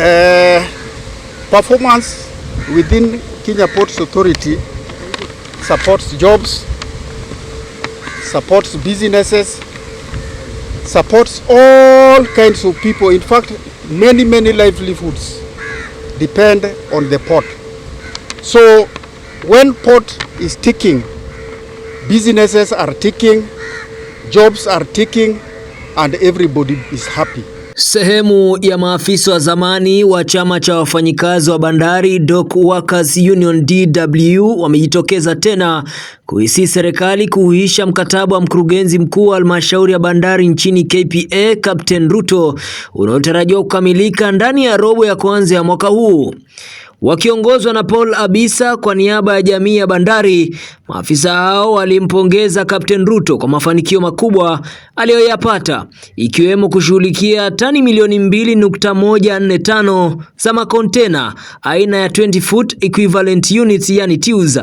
Uh, performance within Kenya Ports Authority supports jobs, supports businesses, supports all kinds of people. In fact, many, many livelihoods depend on the port. So when port is ticking, businesses are ticking, jobs are ticking, and everybody is happy. Sehemu ya maafisa wa zamani wa chama cha wafanyikazi wa bandari Dock Workers Union DW wamejitokeza tena kuhisi serikali kuhuisha mkataba wa mkurugenzi mkuu wa halmashauri ya bandari nchini KPA Captain Ruto unaotarajiwa kukamilika ndani ya robo ya kwanza ya mwaka huu. Wakiongozwa na Paul Abisa kwa niaba ya jamii ya Bandari, maafisa hao walimpongeza Kapteni Ruto kwa mafanikio makubwa aliyoyapata ikiwemo kushughulikia tani milioni 2.145 za makontena aina ya 20 foot equivalent units, yani TEUs.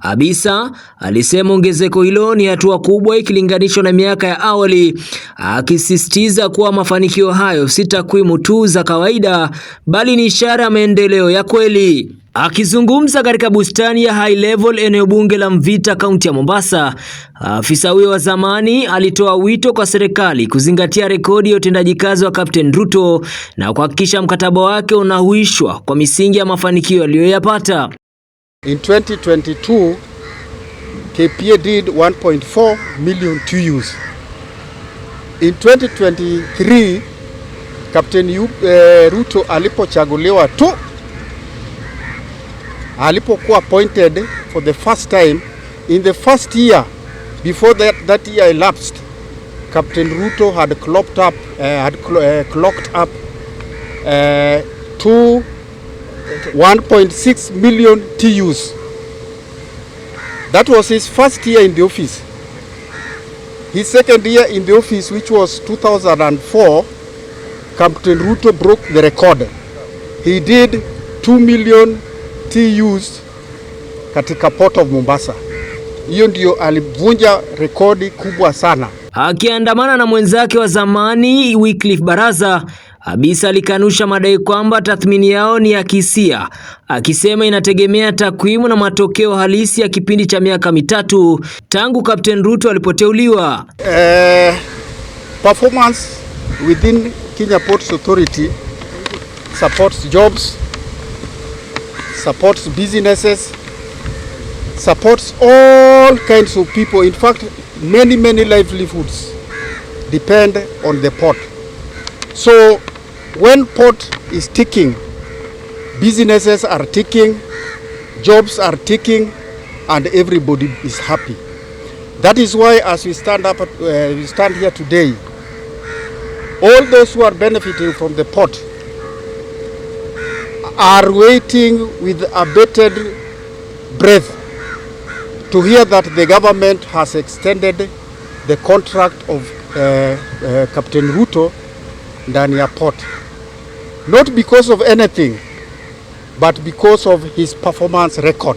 Abisa alisema ongezeko hilo ni hatua kubwa ikilinganishwa na miaka ya awali, akisisitiza kuwa mafanikio hayo si takwimu tu za kawaida bali ni ishara ya maendeleo ya kweli kweli. Akizungumza katika bustani ya High Level eneo bunge la Mvita kaunti ya Mombasa, afisa huyo wa zamani alitoa wito kwa serikali kuzingatia rekodi ya utendaji kazi wa Captain Ruto na kuhakikisha mkataba wake unahuishwa kwa misingi ya mafanikio aliyoyapata. In 2022, KPA did 1.4 million TUs. In 2023, Captain eh, Ruto alipochaguliwa tu alipokuwa appointed for the first time in the first year before that, that year elapsed Captain Ruto had clocked up, uh, had cl uh, eh, clocked up uh, to 1.6 million TUs. That was his first year in the office. His second year in the office, which was 2004, Captain Ruto broke the record. He did 2 million TUs katika Port of Mombasa. Hiyo ndio alivunja rekodi kubwa sana. Akiandamana na mwenzake wa zamani Wycliffe Baraza, Abisa alikanusha madai kwamba tathmini yao ni ya kihisia, akisema inategemea takwimu na matokeo halisi ya kipindi cha miaka mitatu tangu Captain Ruto alipoteuliwa. Uh, performance within Kenya Ports Authority supports jobs supports businesses, supports all kinds of people. In fact, many, many livelihoods depend on the port. So when port is ticking, businesses are ticking, jobs are ticking, and everybody is happy. That is why as we stand, up, uh, we stand here today, all those who are benefiting from the port are waiting with abated breath to hear that the government has extended the contract of uh, uh, Captain Ruto ndani ya port not because of anything but because of his performance record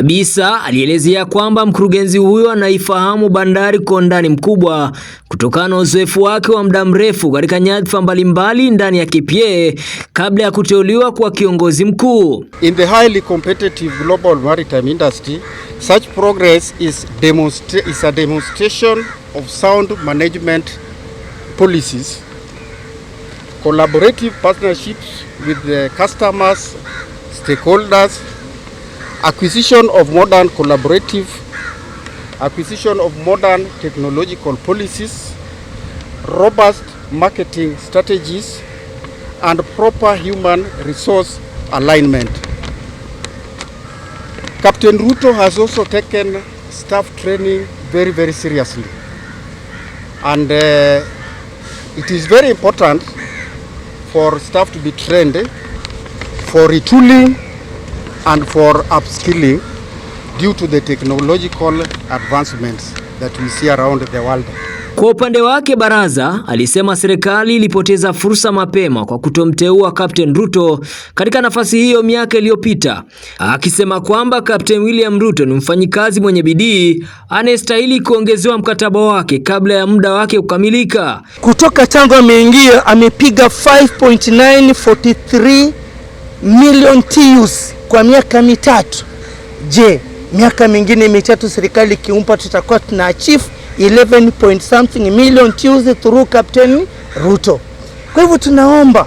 kabisa alielezea kwamba mkurugenzi huyo anaifahamu bandari kwa undani mkubwa kutokana na uzoefu wake wa muda mrefu katika nyadhifa mbalimbali ndani ya KPA kabla ya kuteuliwa kwa kiongozi mkuu. In the highly competitive global maritime industry, such progress is, demonstra is a demonstration of sound management policies, collaborative partnerships with the customers, stakeholders acquisition of modern collaborative acquisition of modern technological policies robust marketing strategies and proper human resource alignment Captain Ruto has also taken staff training very very seriously and uh, it is very important for staff to be trained for retooling and for upskilling due to the technological advancements that we see around the world. Kwa upande wake Baraza alisema serikali ilipoteza fursa mapema kwa kutomteua Captain Ruto katika nafasi hiyo miaka iliyopita, akisema kwamba Captain William Ruto ni mfanyikazi mwenye bidii anayestahili kuongezewa mkataba wake kabla ya muda wake kukamilika. Kutoka tangu ameingia amepiga 5.943 million TEUs kwa miaka mitatu. Je, miaka mingine mitatu serikali ikiumpa tutakuwa tuna achieve 11 point something million Tuesday through Captain Ruto. Kwa hivyo tunaomba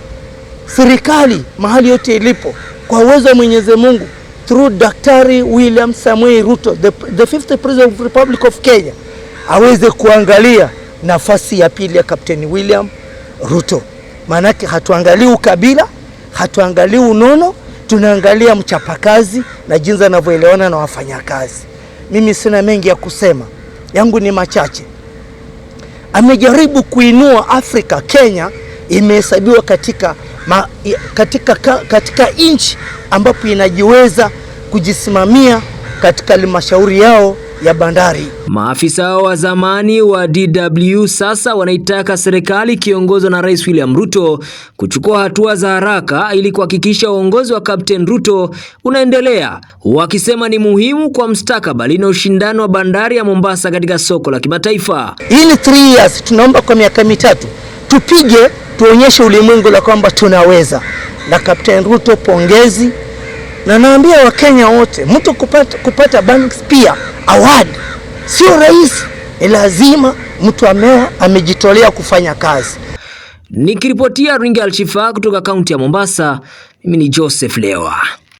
serikali mahali yote ilipo, kwa uwezo wa Mwenyezi Mungu, through Daktari William Samuel Ruto the, the fifth president of Republic of Kenya aweze kuangalia nafasi ya pili ya Captain William Ruto, maanake hatuangalii ukabila, hatuangalii unono tunaangalia mchapakazi na jinsi anavyoelewana na wafanyakazi. Mimi sina mengi ya kusema, yangu ni machache. Amejaribu kuinua Afrika. Kenya imehesabiwa katika, ma, katika, katika nchi ambapo inajiweza kujisimamia katika halmashauri yao ya bandari. Maafisa wa zamani wa DW sasa wanaitaka serikali ikiongozwa na Rais William Ruto kuchukua hatua za haraka ili kuhakikisha uongozi wa Captain Ruto unaendelea, wakisema ni muhimu kwa mstakabali na ushindano wa bandari ya Mombasa katika soko la kimataifa. Ili 3 years tunaomba kwa miaka mitatu tupige tuonyeshe ulimwengu la kwamba tunaweza. Na Captain Ruto, pongezi na naambia Wakenya wote, mtu kupata, kupata Banks pia award sio rahisi, ni lazima mtu amea amejitolea kufanya kazi. Nikiripotia Ringa Alshifa kutoka kaunti ya Mombasa, mimi ni Joseph Lewa.